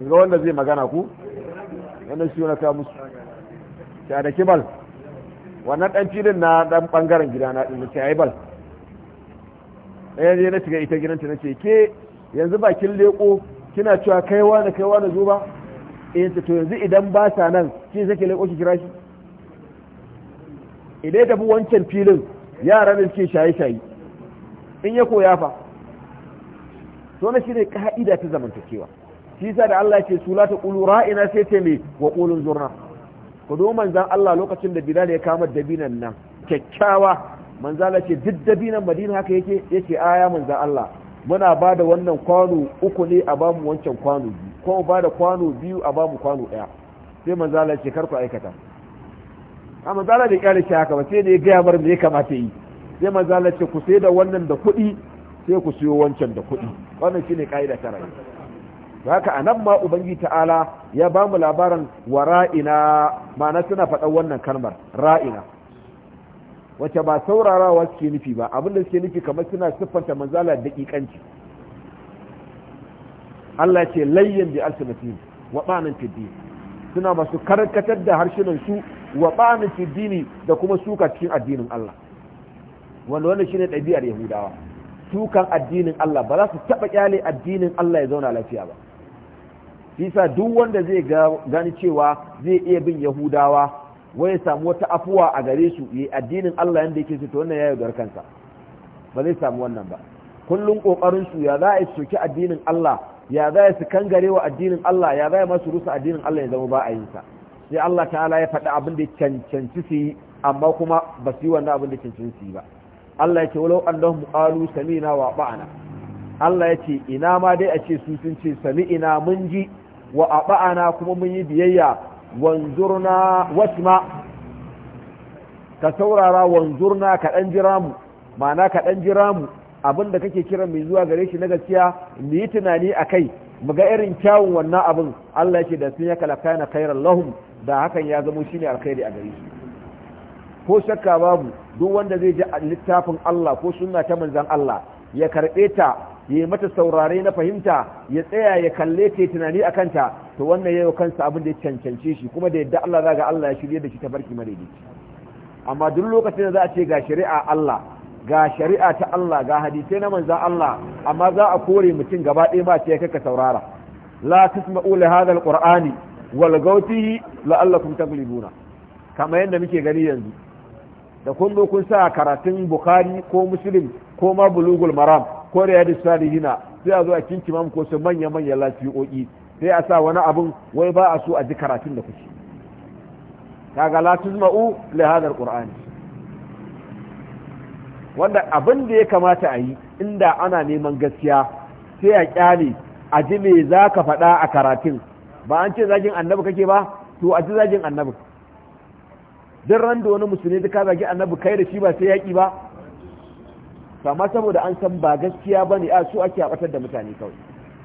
ga wanda zai magana ku yana siyo na kawo musu ta da bal wannan ɗan filin na ɗan ɓangaren gida na ɗin ta yi bal ɗaya ne na shiga ita gidanta na ce ke yanzu bakin leƙo kina cewa kai wani kai wani zuba in eh, ta to yanzu idan ba sa nan shi sai ki leko ki kira shi idan tafi wancan filin yara ne suke shaye shaye in ya koya fa to na ne ka'ida ta zamantakewa shi sa da Allah ke sula ta ina ra'ina sai ta me wa qulun zurna ku do manzan Allah lokacin da Bilal ya kama dabinan nan kyakkyawa manzala ce duk dabinan Madina haka yake yake aya manzan Allah muna ba da wannan kwano uku ne a bamu wancan kwano biyu ko ba da kwano biyu a bamu kwano ɗaya sai manzala ce karku aikata a manzala da kyale shi haka ba sai ya gaya mar me kamata yi sai manzala ce ku sai da wannan da kuɗi sai ku siyo wancan da kuɗi wannan shine ƙa'ida ta rayu haka anan ma ubangi ta'ala ya bamu labarin wa ra'ina ma'ana suna faɗan wannan kalmar ra'ina wacce ba saurarawa suke nufi ba abinda suke nufi kamar suna siffanta manzala da ƙiƙanci Allah ce layyan bi alsinatin wa banan suna masu karkatar da harshenan su wa banan ne da kuma suka cikin addinin Allah wanda shi shine ɗabi'ar Yahudawa sukan addinin Allah ba za su taɓa ƙyale addinin Allah ya zauna lafiya ba shi duk wanda zai gani cewa zai iya bin Yahudawa wai samu wata afuwa a gare su yi addinin Allah yanda yake to wannan ya gar kansa ba zai samu wannan ba Kullum kokarin su ya za a soki addinin Allah ya za su kangare wa addinin Allah ya za masu rusa addinin Allah ya zama ba a yin sa sai Allah ta'ala ya faɗi abin da cancanci su yi amma kuma ba su yi wannan abin da cancanci su yi ba Allah ya ce walau annahum wa ba'ana Allah ya ce ina ma dai a ce su sun ce sami'ina mun ji wa ba'ana kuma mun yi biyayya wanzurna wasma ka saurara wanzurna ka ɗan jira mu ma'ana ka ɗan jira mu abin da kake kira mai zuwa gare shi na gaskiya mu yi tunani a kai mu ga irin kyawun wannan abin Allah yake da sun ya kalaka na khairan lahum da hakan ya zamo shine alkhairi a gare shi ko shakka babu duk wanda zai ji littafin Allah ko sunna ta manzon Allah ya karɓe ta ya mata saurare na fahimta ya tsaya ya kalle ta tunani a kanta to wannan yayin kansa abin da ya cancanci shi kuma da yadda Allah zaga Allah ya shirye da shi ta barki madaidaici amma duk lokacin da za a ce ga shari'a Allah ga shari'a ta Allah ga hadisai na manzan Allah amma za a kore mutum gaba ɗaya ma ce ka saurara la tasma'u li hadha alqur'ani wal gawtihi la'allakum taglibuna kamar yadda muke gani yanzu da kun zo kun sa karatun bukhari ko muslim ko ma bulugul maram ko da salihina sai a zo a kinki mamu ko sai manya manya lafiyoyi sai a sa wani abun wai ba a so a ji karatun da kuke kaga la tuzma'u li hadha alqur'ani wanda abin da ya kamata a yi inda ana neman gaskiya sai a kyale a ji me za ka faɗa a karatun ba an ce zagin annabi kake ba to a ji zagin annabi duk ran da wani musulmi duka zagi annabi kai da shi ba sai yaƙi ba amma saboda an san ba gaskiya bane a su ake abatar da mutane kawai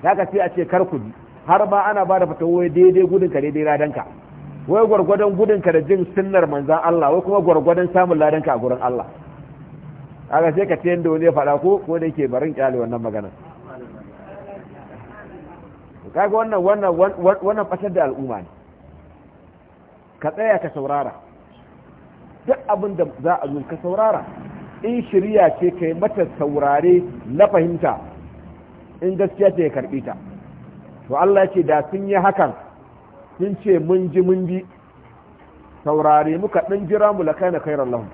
haka sai a ce kar ku bi har ma ana ba da fatawoyi daidai gudun ka daidai ladanka wai gwargwadon gudun ka da jin sunnar manzan Allah wai kuma gwargwadon samun ladanka a gurin Allah haka sai ka tayin da wani ya faɗa ko ko da yake barin kyale wannan magana kaga wannan wannan wannan fasar da al'umma ne ka tsaya ka saurara duk abin da za a zo ka saurara in shirya ce kai mata saurare na fahimta in gaskiya ce ya karbi ta to Allah ce da sun yi hakan sun ce mun ji mun bi saurare muka ɗin jira mu lakana khairan lahum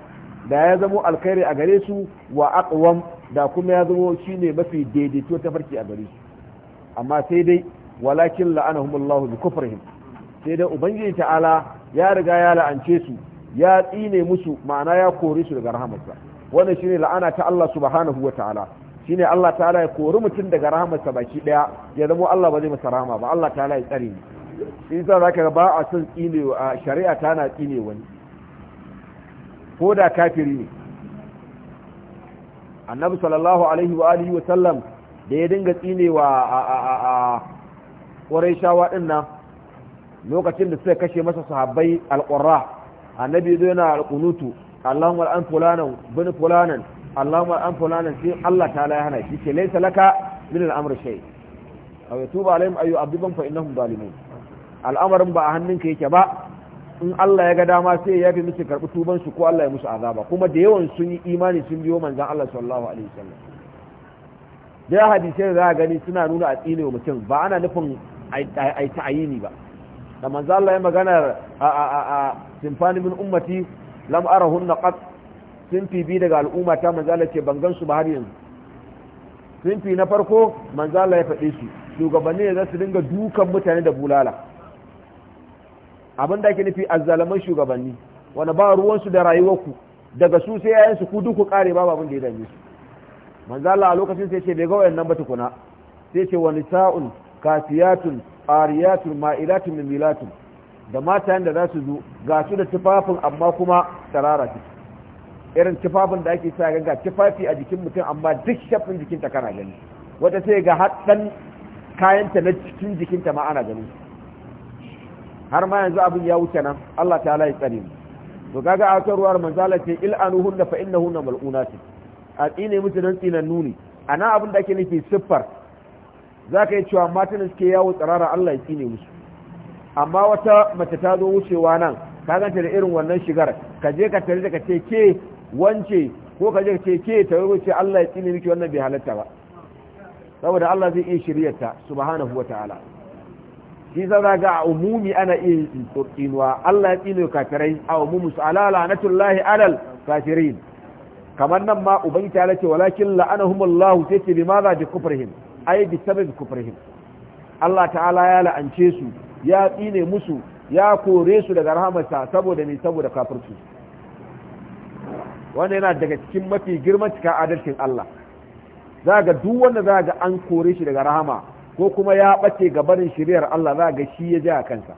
da ya zamo alkhairi a gare su wa aqwam da kuma ya zamo shine mafi daidaito ta farki a gare su amma sai dai walakin la'anahumullahu bi kufrihim sai dai ubangiji ta'ala ya riga ya la'ance su ya tsine musu ma'ana ya kore su daga rahamarsa wannan shine la'ana ta Allah subhanahu wataala shine Allah ta'ala ya kori mutum daga rahamarsa baki daya ya zama Allah ba zai masa rahama ba Allah ta'ala ya tsare shi yasa zaka ga ba a son tsine a shari'a ta na tsine wani ko da kafiri ne annabi sallallahu alaihi wa alihi wa sallam da ya dinga tsinewa a a a a lokacin da suka kashe masa sahabbai alqurra annabi zo yana alqunutu Allahun an fulanan bin fulanan Allahun an fulanan sai Allah ta laye hana shi ke laisa laka min al-amr shay aw yatuba alaihim ayu abdiban fa innahum zalimun al'amarin ba a hannunka yake ba in Allah ya ga dama sai ya fi musu karɓi tuban su ko Allah ya musu azaba kuma da yawan sun yi imani sun biyo manzan Allah sallallahu alaihi wasallam da hadisai da za a gani suna nuna a tsinewa mutum ba ana nufin a yi ta'ayini ba da manzan Allah ya magana a a a min ummati lam arahunna qat sinfi bi daga al'umma ta manzala ce ban gan su ba har yanzu sinfi na farko manzala ya faɗe su shugabanni da za su dinga dukan mutane da bulala abin da ake nufi azzalaman shugabanni wani ba ruwansu da rayuwarku daga su sai yayan su ku duku kare ba abin da ya dame su manzala a lokacin sai ce bai ga wayannan ba tukuna sai ce wani sa'un kasiyatun ariyatun ma'ilatun milatun da matayen da za su zo ga su da tufafin amma kuma tarara ciki irin tufafin da ake sa ga tufafi a jikin mutum amma duk shafin jikinta kana gani wata sai ga haɗɗan kayanta na cikin jikinta ma ana gani har ma yanzu abin ya wuce nan Allah ta ya tsare mu to kaga a kan ruwar manzala ce il'anuhunna fa innahunna mal'unati a tsine musu dan tsinan nuni ana abin da ake nufi siffar zaka yi cewa matan suke yawo tsirara Allah ya tsine musu amma wata mace ta zo wucewa nan ka ganta da irin wannan shigar ka je ka tare da ka ce ke wance ko ka je ka ce ke ta wuce Allah ya tsine miki wannan bai halatta ba saboda Allah zai iya shiryarta subhanahu wa ta'ala shi zan ga a umumi ana iya tsinuwa Allah ya tsino kafirai a umumu su ala la'anatullahi alal kafirin kamar nan ma ubangi ta ce, walakin la'anahumullahu sai ce bi ma za bi kufrihim ai bi sabab kufrihim Allah ta'ala ya la'ance su ya tsine musu ya kore su daga rahamarsa saboda ne saboda kafirci wannan yana daga cikin mafi girman cika adalcin Allah za ga duk wanda za ga an kore shi daga rahama ko kuma ya bace gabanin shiriyar Allah za ga shi ya ji a kansa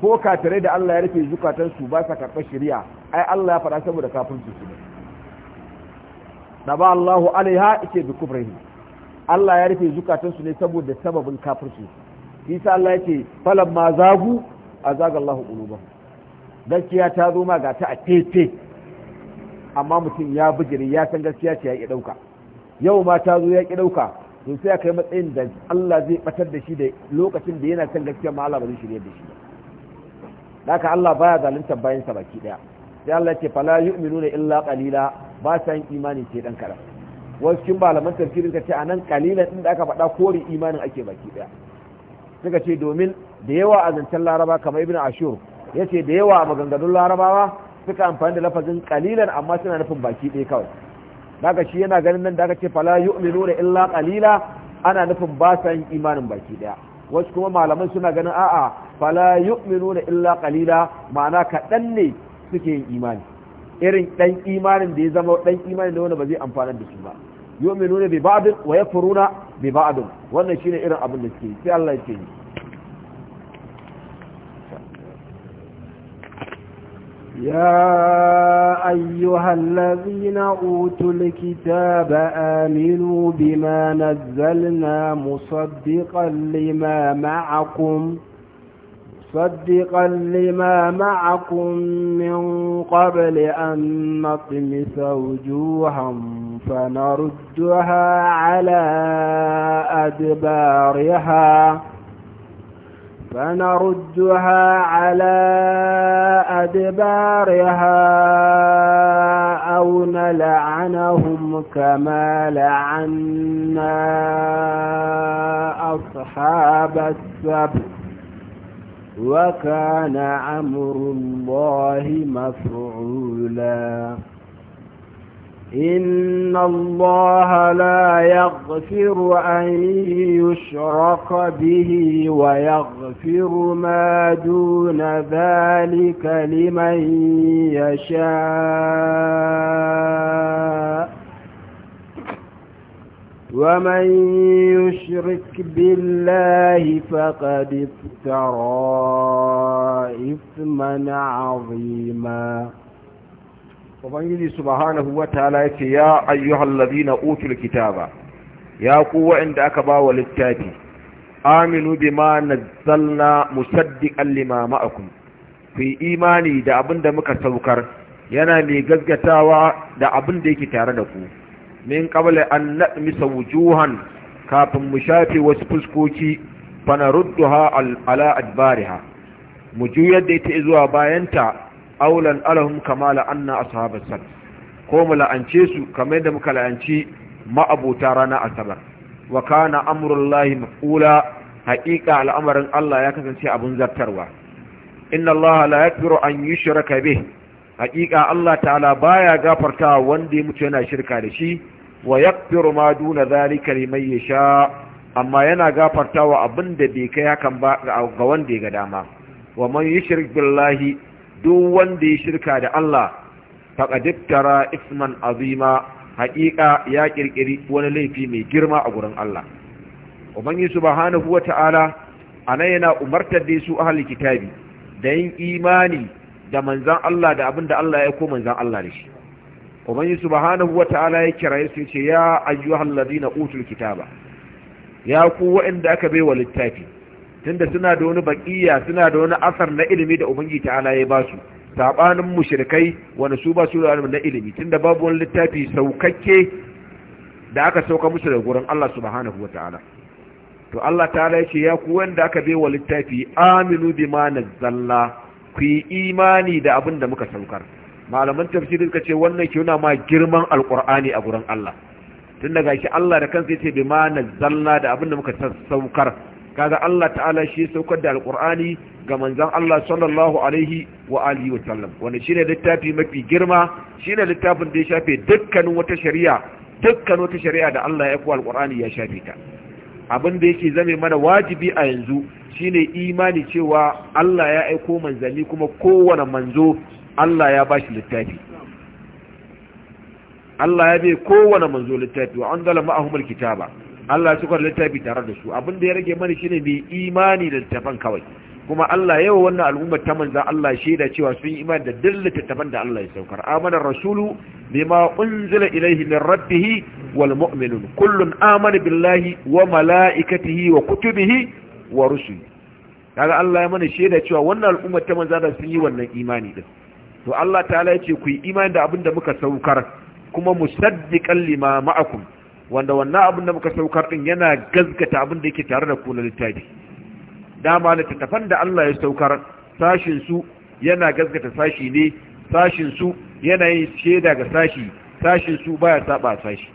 ko kafirai da Allah ya rufe zukatansu ba sa karɓar shiriya ai Allah ya faɗa saboda kafirci su ne ba Allahu alaiha ike bi kufrihi Allah ya rufe zukatansu ne saboda sababin kafirci su isa Allah ya ce falan ma zagu a zagallahu ba gaskiya ta zo ma ga ta a tete amma mutum ya bijiri ya san gaskiya ce ya ƙi ɗauka yau ma ta zo ya ƙi ɗauka to sai kai matsayin da Allah zai batar da shi da lokacin da yana san gaskiya ma Allah ba zai shirye da shi ba haka Allah baya zaluntar sa baki ɗaya sai Allah ce fala yu'minu illa qalila ba sa yin imani ce dan karam wasu kin malaman tafsirin ka ce anan kalila din da aka faɗa kore imanin ake baki ɗaya suka ce domin da yawa a zancen laraba kamar ibn ashur ya ce da yawa a maganganun larabawa suka amfani da lafazin kalilan amma suna nufin baki ɗaya kawai daga shi yana ganin nan da aka ce fala yu'minu da illa qalila ana nufin ba sa yin imanin baki ɗaya wasu kuma malaman suna ganin a'a fala yu'minu da illa kalila ma'ana kaɗan ne suke yin imani irin ɗan imanin da ya zama ɗan imanin da wani ba zai amfana da shi ba يؤمنون ببعض ويكفرون ببعض وانا شينا ارى ابن السين في الله يتيني يا ايها الذين اوتوا الكتاب امنوا بما نزلنا مصدقا لما معكم مصدقا لما معكم من قبل أن نطمس وجوها فنردها على أدبارها فنردها على أدبارها أو نلعنهم كما لعنا أصحاب السبت وكان أمر الله مفعولا إن الله لا يغفر أن يشرك به ويغفر ما دون ذلك لمن يشاء ومن يشرك بالله فقد افترى إثما عظيما Ubangiji subhanahu wa ta'ala ya ce, Ya ayyuhal ladina utul kitaba, ya ku wa'inda aka ba wa littafi, aminu bi ma nazzalna musaddiqan lima ma'akum, ku yi imani da abin da muka saukar, yana mai gaskatawa da abin da yake tare da ku. min qabla an nadmisa wujuhan kafin mu shafe wasu fuskoki fanarudduha ala ha, mu juyar da ita zuwa bayanta aulan alahum kama la'anna ashabas sab ko mu la'ance su kamar da muka la'anci ma'abuta rana asabar wa kana amrullahi maf'ula haƙiƙa al'amarin Allah ya kasance abun zartarwa inna Allah la yakfiru an yushraka bih haƙiƙa Allah ta'ala baya gafarta wanda ya mutu yana shirka da shi wa yaghfiru ma duna zalika liman yasha amma yana gafartawa abinda bai kai hakan ba ga wanda ya ga dama wa man yushrik billahi duk wanda ya shirka da Allah faqad iftara isman azima haƙiƙa ya kirkiri wani laifi mai girma a gurin Allah ubangi subhanahu wata'ala anan yana umartar da su ahli kitabi da yin imani da manzan Allah da abin da Allah ya ko manzan Allah da shi ubangi subhanahu ta'ala ya kiraye su ce ya ayyuhal ladina utul kitaba ya ku waɗanda aka baiwa littafi tunda suna da wani baqiya suna da wani asar na ilimi da ubangi ta'ala ya basu sabanin mushrikai wani su ba su da na ilimi tunda babu wani littafi saukakke da aka sauka musu da gurin Allah subhanahu ta'ala. to Allah ta'ala ya ce ya ku wanda aka baiwa littafi aminu bima zalla. ku yi imani da abin da muka saukar malaman tafsiri suka ce wannan ke nuna ma girman alqur'ani a gurin Allah tun daga shi Allah da kansa yace bima nazzalna da abin da muka saukar kaga Allah ta'ala shi saukar da alqur'ani ga manzon Allah sallallahu alaihi wa alihi wa sallam wannan shine littafi mafi girma shine littafin da ya shafe dukkanin wata shari'a dukkan wata shari'a da Allah ya kuwa ya shafe ta abin da yake zame mana wajibi a yanzu shine imani cewa Allah ya aiko manzali kuma kowane manzo Allah ya bashi littafi Allah ya bai kowane manzo littafi wa an a ma'ahum kitaba. Allah ya sukar littafi tare da su abin da ya rage mani shine mai imani da littafan kawai kuma Allah yawa wannan al'ummar ta manza, Allah shaida cewa sun yi imani da duk littattafan da Allah ya saukar amana rasulu bima unzila ilaihi min rabbih wal mu'minun kullun amana billahi wa malaikatihi wa kutubihi wa rusuli kaga Allah ya mana shaida cewa wannan al'umma ta manzo da sun yi wannan imani din to Allah ta'ala ya ce ku yi imani da abin da muka saukar kuma musaddiqan lima ma'akum wanda wannan abin da muka saukar din yana gaskata abin da yake tare da ku na littafi dama da tattafan da Allah ya saukar sashin su yana gaskata sashi ne sashin su yana yin shaida ga sashi sashin su baya saba sashi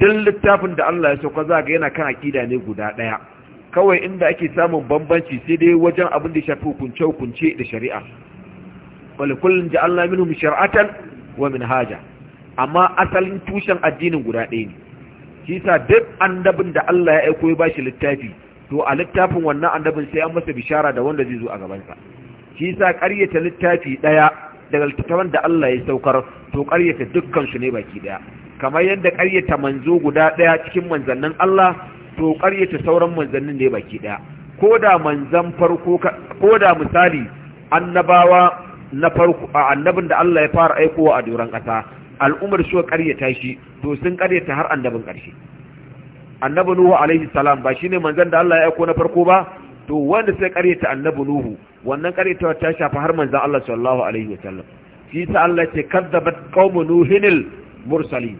duk littafin da Allah ya saukar za yana kan akida ne guda daya kawai inda ake samun bambanci sai dai wajen abin da shafi hukunce-hukunce da shari'a wale kullum ji Allah minhum shar'atan wa haja amma asalin tushen addinin guda ɗaya ne shi sa duk annabin da Allah ya aiko ya shi littafi to a littafin wannan annabin sai an masa bishara da wanda zai zo a gabansa shi sa ƙaryata littafi ɗaya daga littattafan da Allah ya saukar to ƙaryata dukkan su ne baki ɗaya kamar yadda ƙaryata manzo guda ɗaya cikin manzannin Allah to yace sauran manzannin ne baki ɗaya ko da manzan farko ko da misali annabawa na farko a annabin da Allah ya fara aikowa a doron kasa, al'ummar shi karyata shi to sun karyata har annabin ƙarshe annabi nuhu alaihi salam ba shine manzan da Allah ya aiko na farko ba to wanda sai karyata annabi nuhu wannan karyatawa ta shafa har manzan Allah sallallahu alaihi wasallam shi ta Allah ce kadzabat qaumu nuhinil mursalin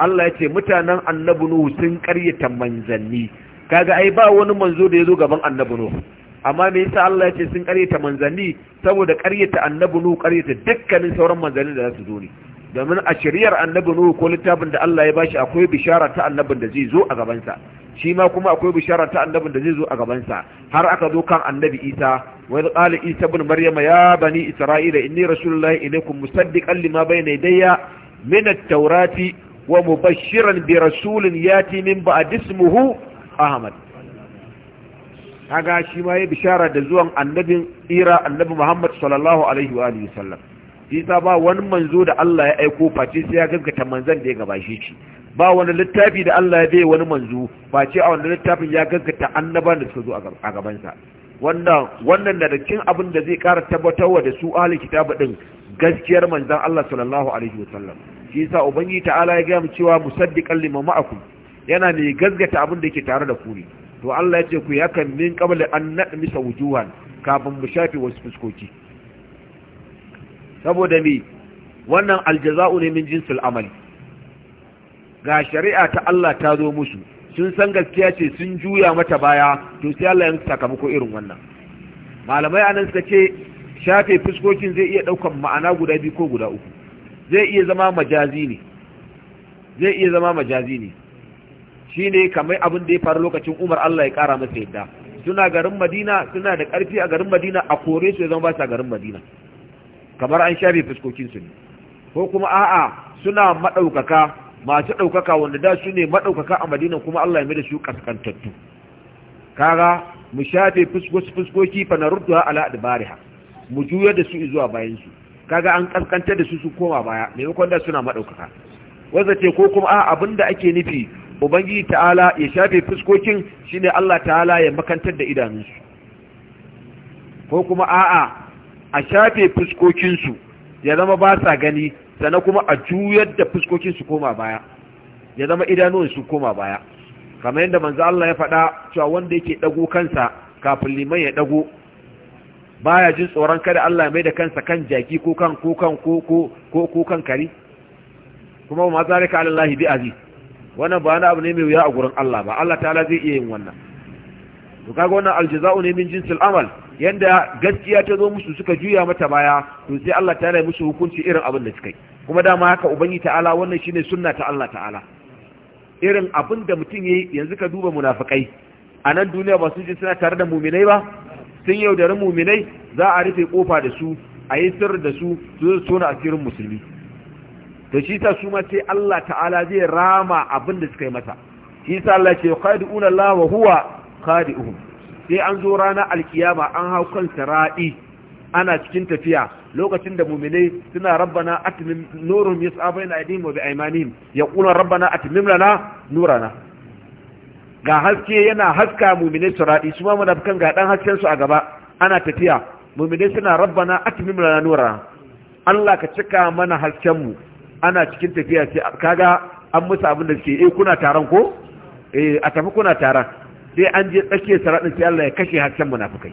Allah ya ce mutanen annabi Nuhu sun karyata manzanni kaga ai ba wani manzo da ya zo gaban annabi Nuhu amma me yasa Allah ya ce sun karyata manzanni saboda karyata annabi Nuhu karyata dukkanin sauran manzanni da za su zo ne domin a shiriyar annabi Nuhu ko littafin da Allah ya bashi akwai bishara ta annabin da zai zo a gaban sa shi ma kuma akwai bishara ta annabin da zai zo a gaban sa har aka zo kan annabi Isa wa qala Isa ibn Maryam ya bani Isra'ila inni rasulullahi ilaykum musaddiqan lima bayna yadayya min at-taurati wa mubashiran bi rasulin yati min ba'd ismuhu ahmad kaga shi ma ya bishara da zuwan annabin ira annabi Muhammad sallallahu alaihi wa alihi sallam isa ba wani manzo da Allah ya aiko face sai ya gaskata manzon da ya gabashe shi ba wani littafi da Allah ya bai wani manzo face a wani littafin ya gaskata annaban da suka zo a gaban sa wannan wannan da cikin abin da zai kara tabbatarwa da su ahli kitabu din gaskiyar manzon Allah sallallahu alaihi wa sallam shi yasa ubangi ta'ala ya gaya mu cewa musaddiqan lima ma'akum yana ne gazgata abin da yake tare da ku ne to Allah ya ce ku kan min qabla an nadmisa wujuhan kafin mu shafe wasu fuskoki saboda me wannan aljaza'u ne min jinsul amali ga shari'a ta Allah ta zo musu sun san gaskiya ce sun juya mata baya to sai Allah ya sakamako irin wannan malamai anan suka ce shafe fuskokin zai iya daukan ma'ana guda biyu ko guda uku zai iya zama majazi ne zai iya zama majazi ne shine kamar abin da ya faru lokacin Umar Allah ya kara masa yadda suna garin Madina suna da karfi a garin Madina a kore su ya zama basa garin Madina kamar an shafe fuskokin ne ko kuma a'a suna madaukaka masu ɗaukaka wanda da su ne madaukaka a Madina kuma Allah ya mai da su kaskantattu kaga mu shafe fuskoki fa narudduha ala adbariha mu juyar da su zuwa bayan su kaga an kaskantar da su su koma baya maimakon da suna madaukaka wanda ce ko kuma a abinda ake nufi ubangiji ta'ala ya shafe fuskokin shine Allah ta'ala ya makantar da idanunsu ko kuma a'a a shafe fuskokinsu ya zama ba sa gani sana kuma a juyar da fuskokinsu koma baya ya zama idanunsu koma baya kamar yadda manzo Allah ya faɗa cewa wanda yake dago kansa kafin liman ya dago baya jin tsoron kada Allah mai da kansa kan jaki ko kan ko kan ko ko ko kan kari kuma ma zalika alallahi bi aziz wannan ba wani abu ne mai wuya a gurin Allah ba Allah ta'ala zai iya yin wannan to kaga wannan aljaza'u ne min jinsil amal yanda gaskiya ta zo musu suka juya mata baya to sai Allah ta'ala ya musu hukunci irin abin da suka yi kuma dama haka ubangi ta'ala wannan shine sunna ta Allah ta'ala irin abin da mutum yayi yanzu ka duba munafikai a nan duniya ba sun ji suna tare da muminai ba sun yaudari muminai za a rufe kofa da su a yi sirri da su su zai tona asirin musulmi to shi ta su ma sai Allah ta'ala zai rama abin da suka yi masa shi sa Allah ce khadi'una Allah wa huwa sai an zo ranar alkiyama an hau kan sara'i ana cikin tafiya lokacin da muminai suna rabbana atmin nurum yas'a baina aydihim wa bi aymanihim yaquluna rabbana atmim lana nurana ga haske yana haska mumine turadi su ma munafikan ga dan hasken su a gaba ana tafiya mumine suna rabbana atmim lana nura Allah ka cika mana hasken mu ana cikin tafiya sai kaga an musu abin da suke eh kuna taron ko eh a tafi kuna taron sai an je tsakiyar saradin sai Allah ya kashe hasken munafikai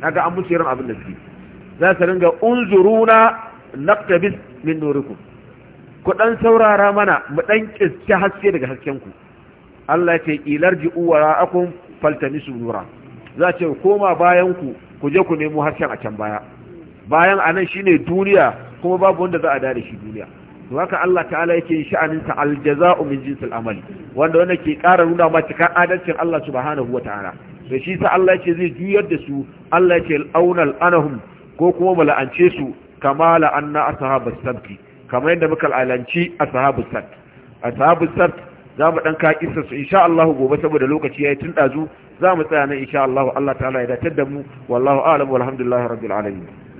kaga an musu irin abin da suke za su ringa unzuruna naqtabis min nurikum ku dan saurara mana mu dan kiske haske daga haskenku. ku Allah ce ilar ji uwara akun faltani nura za ce koma bayan ku ku je ku nemo harshen a can baya bayan anan shine duniya kuma babu wanda za a dare shi duniya to haka Allah ta'ala yake yin sha'anin ta aljaza'u min jinsil wanda wanda ke ƙara nuna ma cikan adalcin Allah subhanahu wata'ala to shi sa Allah yake zai juyar da su Allah yake aunal anahum ko kuma mu la'ance su kama la'anna ashabus sabti kamar yadda muka la'anci ashabus sabti ashabus sabti za mu ɗan ka su insha Allah gobe saboda lokaci ya yi tun ɗazu za mu tsaya na in Allah Allah ta'ala ya datar da mu wallahu a'lam walhamdulillahi rabbil alamin